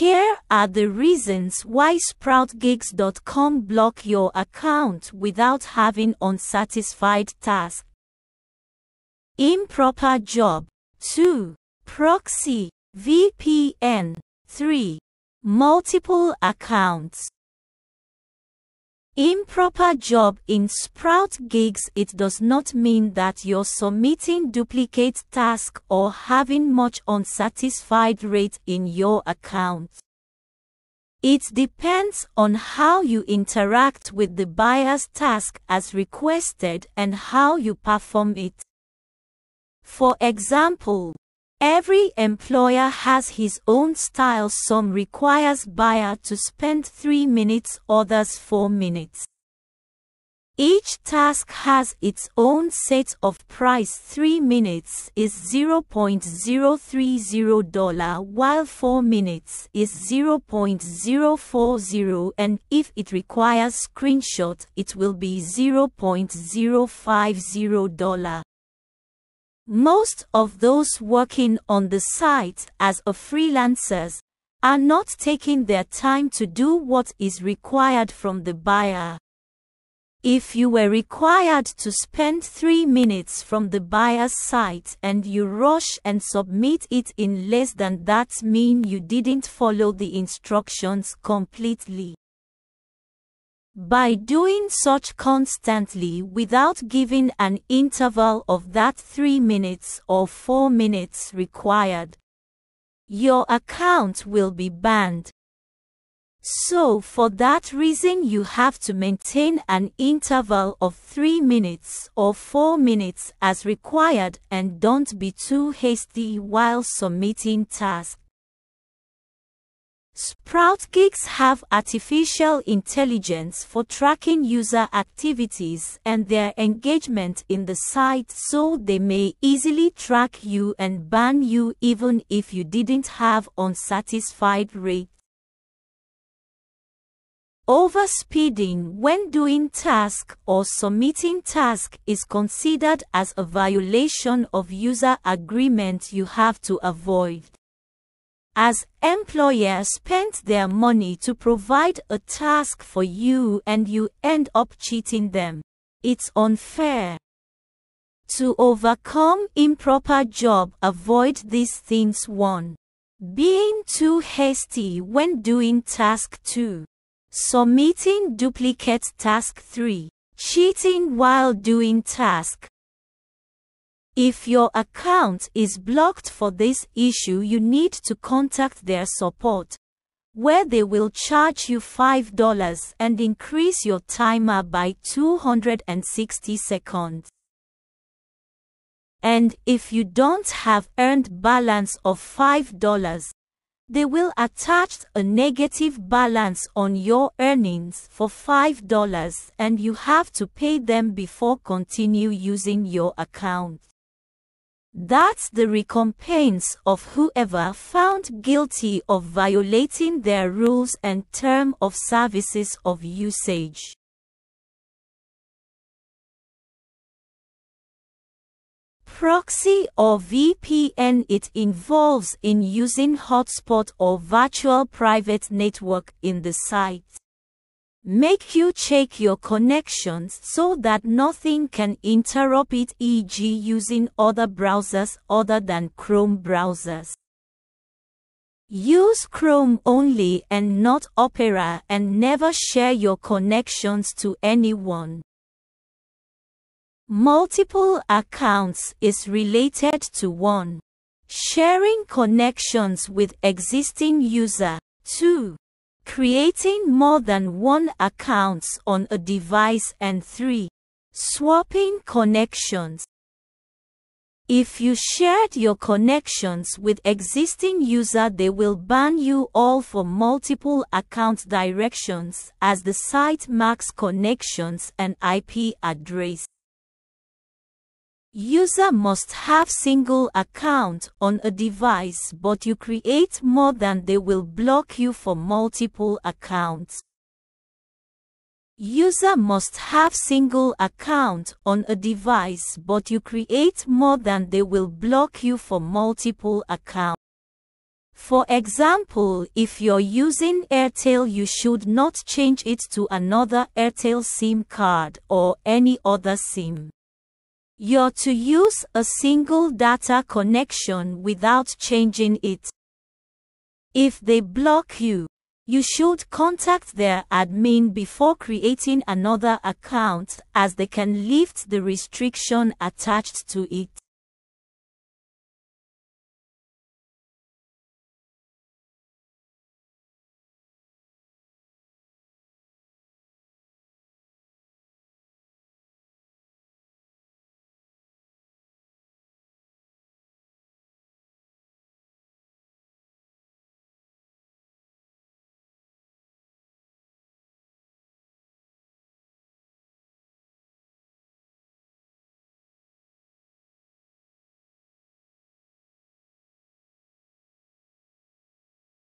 Here are the reasons why SproutGigs.com block your account without having unsatisfied tasks, Improper job. 2. Proxy. VPN. 3. Multiple accounts improper job in Sprout gigs, it does not mean that you're submitting duplicate tasks or having much unsatisfied rate in your account. It depends on how you interact with the buyer's task as requested and how you perform it. For example, Every employer has his own style some requires buyer to spend 3 minutes others 4 minutes. Each task has its own set of price 3 minutes is $0.030 while 4 minutes is 0.040 and if it requires screenshot it will be $0.050. Most of those working on the site as a freelancers are not taking their time to do what is required from the buyer. If you were required to spend three minutes from the buyer's site and you rush and submit it in less than that mean you didn't follow the instructions completely. By doing such constantly without giving an interval of that 3 minutes or 4 minutes required, your account will be banned. So for that reason you have to maintain an interval of 3 minutes or 4 minutes as required and don't be too hasty while submitting tasks. Sprout Geeks have artificial intelligence for tracking user activities and their engagement in the site so they may easily track you and ban you even if you didn't have unsatisfied rate. Overspeeding when doing task or submitting task is considered as a violation of user agreement you have to avoid as employers spend their money to provide a task for you and you end up cheating them. It's unfair. To overcome improper job, avoid these things 1. Being too hasty when doing task 2. Submitting duplicate task 3. Cheating while doing task if your account is blocked for this issue you need to contact their support, where they will charge you $5 and increase your timer by 260 seconds. And if you don't have earned balance of $5, they will attach a negative balance on your earnings for $5 and you have to pay them before continue using your account. That's the recompense of whoever found guilty of violating their rules and term of services of usage. Proxy or VPN It involves in using hotspot or virtual private network in the site. Make you check your connections so that nothing can interrupt it e.g. using other browsers other than Chrome browsers. Use Chrome only and not Opera and never share your connections to anyone. Multiple accounts is related to one. Sharing connections with existing user. 2 creating more than one accounts on a device and 3. Swapping connections. If you shared your connections with existing user they will ban you all for multiple account directions as the site marks connections and IP address. User must have single account on a device but you create more than they will block you for multiple accounts. User must have single account on a device but you create more than they will block you for multiple accounts. For example, if you're using Airtel you should not change it to another Airtel SIM card or any other SIM. You're to use a single data connection without changing it. If they block you, you should contact their admin before creating another account as they can lift the restriction attached to it.